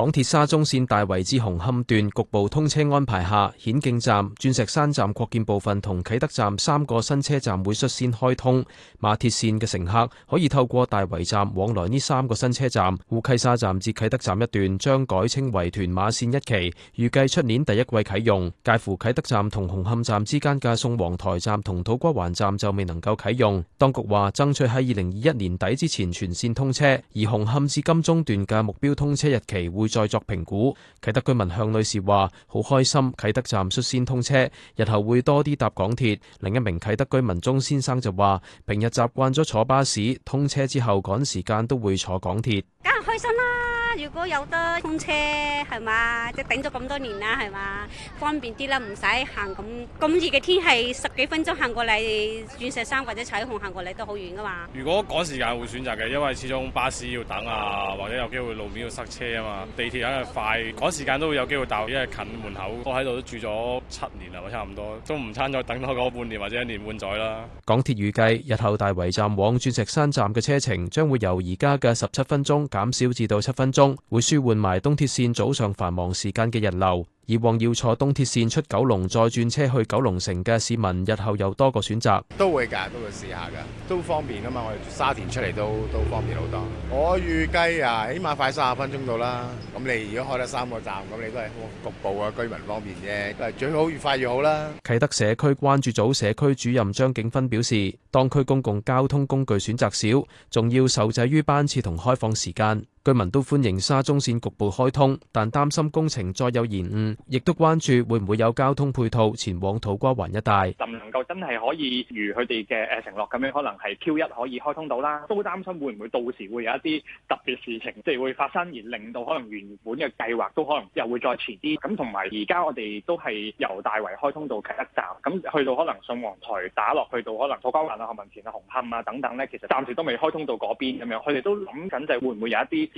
港鐵沙中綫大圍至紅磡段局部通車安排下，顯徑站、鑽石山站擴建部分同啟德站三個新車站會率先開通。馬鐵綫嘅乘客可以透過大圍站往來呢三個新車站。烏溪沙站至啟德站一段將改稱為屯馬綫一期，預計出年第一季啟用。介乎啟德站同紅磡站之間嘅宋皇台站同土瓜灣站就未能夠啟用。當局話爭取喺二零二一年底之前全綫通車，而紅磡至金鐘段嘅目標通車日期會再作評估。啟德居民向女士話：好開心，啟德站率先通車，日後會多啲搭港鐵。另一名啟德居民鍾先生就話：平日習慣咗坐巴士，通車之後趕時間都會坐港鐵。梗係開心啦！如果有得通車，係嘛，即係頂咗咁多年啦，係嘛，方便啲啦，唔使行咁咁熱嘅天氣十幾分鐘行過嚟鑽石山或者彩虹行過嚟，都好遠噶嘛。如果趕時間會選擇嘅，因為始終巴士要等啊，或者有機會路面要塞車啊嘛。地鐵肯定快，趕時間都會有機會搭。因為近門口。我喺度都住咗七年啦，差唔多，都唔差再等多個半年或者一年半載啦。港鐵預計，日後大圍站往鑽石山站嘅車程將會由而家嘅十七分鐘減少至到七分鐘，會舒緩埋東鐵線早上繁忙時間嘅人流。以往要坐東鐵線出九龍，再轉車去九龍城嘅市民，日後有多個選擇，都會㗎，都會試下㗎，都方便㗎嘛。我哋沙田出嚟都都方便好多。我預計啊，起碼快三十分鐘到啦。咁你如果開得三個站，咁你都係局部啊，居民方便啫。都係，最好越快越好啦。啟德社區關注組社區主任張景芬表示，當區公共交通工具選擇少，仲要受制於班次同開放時間。居民都歡迎沙中線局部開通，但擔心工程再有延誤，亦都關注會唔會有交通配套前往土瓜灣一帶。能夠真係可以如佢哋嘅誒承諾咁樣，可能係 Q 一可以開通到啦。都擔心會唔會到時會有一啲特別事情，即係會發生，而令到可能原本嘅計劃都可能又會再遲啲。咁同埋而家我哋都係由大圍開通到一站，咁去到可能信望台打落去到可能土瓜灣啊、何文田啊、紅磡啊等等咧，其實暫時都未開通到嗰邊咁樣。佢哋都諗緊就係會唔會有一啲。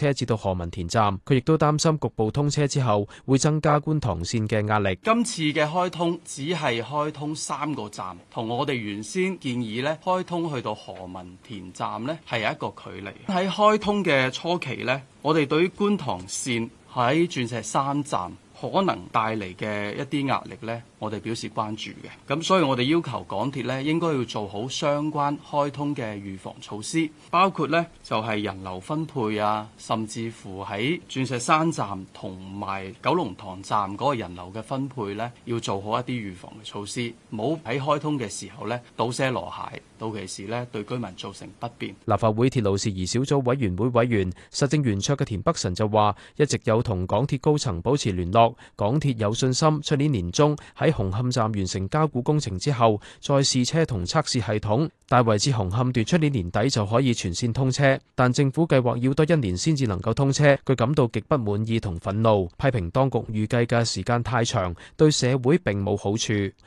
車至到何文田站，佢亦都擔心局部通車之後會增加觀塘綫嘅壓力。今次嘅開通只係開通三個站，同我哋原先建議咧開通去到何文田站呢係有一個距離。喺開通嘅初期呢，我哋對於觀塘綫喺鑽石山站可能帶嚟嘅一啲壓力呢，我哋表示關注嘅，咁所以我哋要求港鐵咧，應該要做好相關開通嘅預防措施，包括咧就係、是、人流分配啊，甚至乎喺鑽石山站同埋九龍塘站嗰個人流嘅分配咧，要做好一啲預防嘅措施，冇喺開通嘅時候咧倒瀉籮蟹，到期時咧對居民造成不便。立法會鐵路事宜小組委員會委員實政圓桌嘅田北辰就話，一直有同港鐵高層保持聯絡，港鐵有信心出年年中喺。喺紅磡站完成加固工程之後，再試車同測試系統，大圍至紅磡段出年年底就可以全綫通車。但政府計劃要多一年先至能夠通車，佢感到極不滿意同憤怒，批評當局預計嘅時間太長，對社會並冇好處。